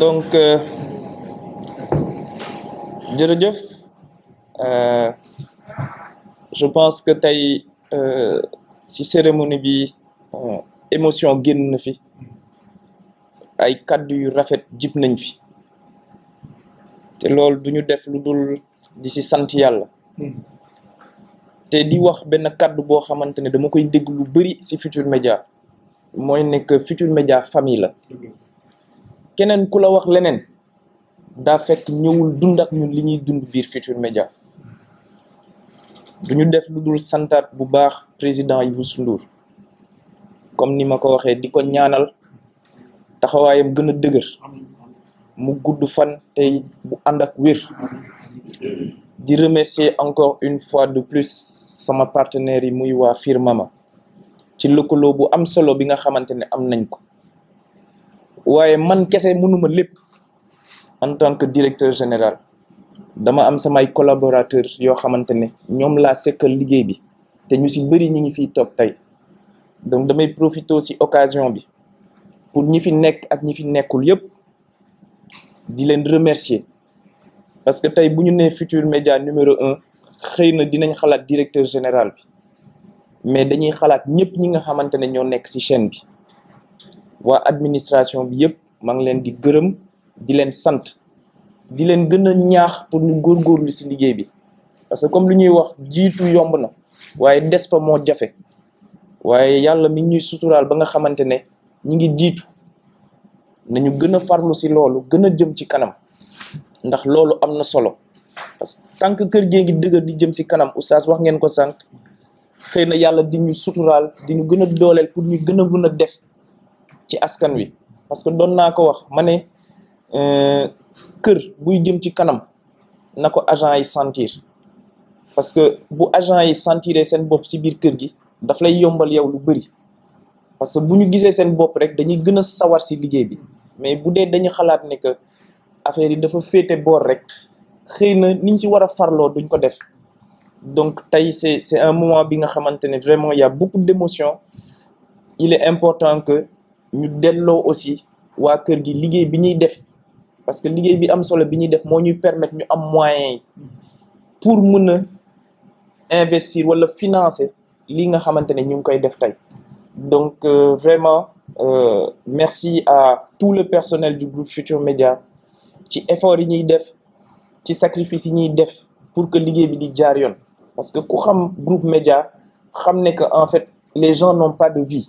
donc euh, jërëjëf euh, je pense que euh, si cérémonie bi euh, émotion guen na fi ay kàddu yu rafet jib nañ fi té lool duñu def lu dul di ci sante yalla té di wax ben kàddu bo xamantene dama koy dégg lu bari ci future media moy nek future media famille la kenen ku wax lenen da fek ñewul dund ak ñun li ñuy dund biir future media duñu def luddul santat bu baax président Youssou Ndour comme ni mako ko diko ñaanal taxawayam gëna a mu gudd fan tey bu ànd ak wér di remercier encore une fois de plus sama partenaire yi muy wa Firmama ci lëkkaloo bu am solo bi nga xamantene am nañ ko waaye man kese mënuma lépp en tant que directeur général dama am samay collaborateur yoo xamante ne ñoom laa sekkal liggéey bi te ñu si bëri ñi ngi fiy toog tey donc damay profité si occasion bi pour ñi fi nekk ak ñi fi nekkul yépp di leen remercier parce que tey bu ñu nee Futur Média numéro 1 xëy na dinañ xalaat directeur général bi mais dañuy xalaat ñëpp ñi nga xamante ne nekk si chaîne bi wa administration bi yep ma ngi len di gërëm di len sant di len gëna ñaax pour ñu lu ci liggéey bi parce que comme lu ñuy wax jitu yomb na waye dess fa mo jafé waye yalla mi ñuy sutural ba nga xamantene ne ñi ngi jitu nañu gëna farlu ci loolu gëna jëm ci kanam ndax loolu amna solo parce que tank que kër gee di jëm ci kanam oustaz wax ngeen ko sank xeyna yalla di ñu sutural di ñu gëna a pour ñu gëna def ci askan wi parce que doon naa ko wax mané euh kër buy jëm ci kanam nako agent yi sentir parce que bu agent yi sentiré sen bop ci bir kër gi daf lay yombal yow lu bëri parce que buñu gisé sen bop rek dañuy gëna sawar ci liggéey bi mais bu dee dañu xalaat que affaire yi dafa fété bor rek xeyna niñ ci wara farlo duñ ko def donc tay c'est c'est un moment bi nga xamante vraiment il y a beaucoup d'émotions il est important que ñu dello aussi wa kër gi liggéey bi ñuy def parce que liggéey bi am solo bi ñuy def moo ñuy permettre ñu am moyens pour mën a investir wala financer li nga xamante ne ñu ngi koy def tey donc euh, vraiment euh, merci à tout le personnel du groupe Future Media ci effort yi ñuy def ci sacrifice yi ñuy def pour que liggéey bi di jaar yoon parce que ku xam groupe média xam ne que en fait les gens n'ont pas de vie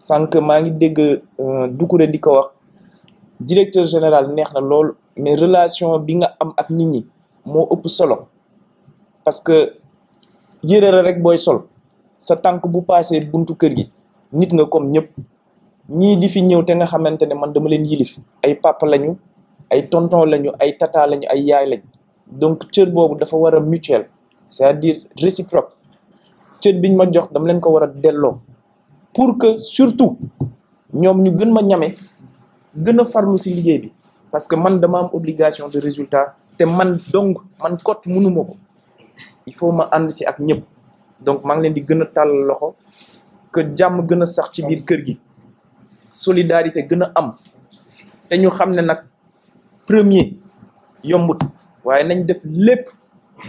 sànq maa ngi dégg euh, Doucouré di ko wax directeur général neex na lool mais relation bi nga am ak nit ñi moo ëpp solo parce que yére la rek booy sol sa tànk bu paasee buntu kër gi nit nga comme ñëpp ñii di fi ñëw te nga xamante ne man dama leen yilif ay papa lañu ay tonton lañu ay tata lañu ay yaay lañ donc cër boobu dafa war a mutuel c'est-à-dire réciproque cër biñ ma jox dama leen ko war a delloo. pour que surtout ñom ñu gën ma ñamé gën farlu liggéey bi parce que man dama am obligation de résultat té man donc man cote il faut ma and si ak ñëpp donc ma ngi leen di gën tal loxo que jamm gën sax ci biir kër gi solidarité gën am té ñu xamné nak premier yombut waye nañ def lépp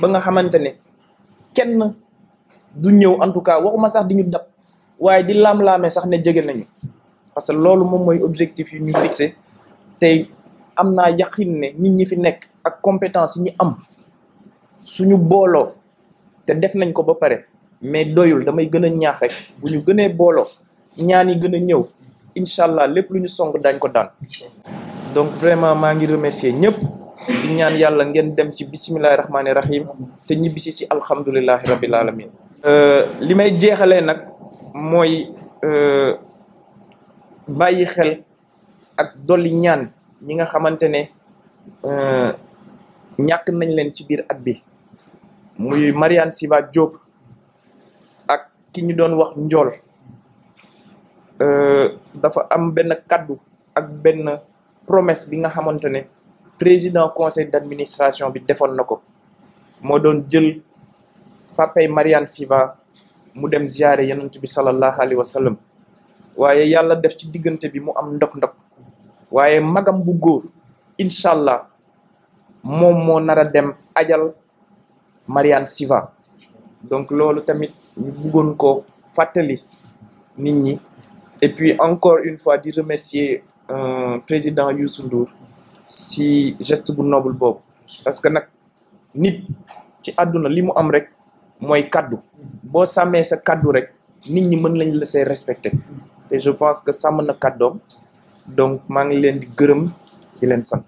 ba nga xamante ne kenn du ñëw en tout cas waxuma sax di dab waaye di lam lamé sax pasal jege nañu parce que lolu mom moy objectif yi ñu fixé té amna yaqin né nit ñi fi nek ak compétence ñi am suñu bolo, te def nañ ko ba paré mais doyul damay gëna ñaax rek bu ñu gënee booloo ñaan yi gëna ñëw inshallah lepp luñu lu song dañ ko daan donc vraiment ma ngi remercier ñëpp di ñaan yalla ngeen dem ci bismillahir rahim te ñibisi ci alhamdulilahi rabbil alamin euh limay jéxalé nak mooy euh, bàyyi xel ak dolli ñaan ñi nga xamante ne euh, ñàkk nañ leen ci biir at bi muy Mariane Siva Diop ak ki ñu doon wax njool euh, dafa am benn kaddu ak benn promesse bi nga xamante ne président conseil d'administration bi defoon na ko moo doon jël papay Mariane Siva mu dem ziyaare yonent bi sallallahu alayhi wa sallam waaye yàlla def ci diggante bi mu am ndok-ndok waye magam bu goor inshallah mom mo nara dem ajal Mariane Siva donc lolu tamit ñu bëggoon ko fatali nit ñi et puis encore une fois di remercier euh, président Youssou Ndour si geste bu noble boobu parce que nak nit ci aduna li mu am rek moy cadeau, bo samé sa cadeau rek nit ñi mën lañ la say respecté te je pense que sàmm na cadeau, donc ma ngi leen di gërëm di leen sant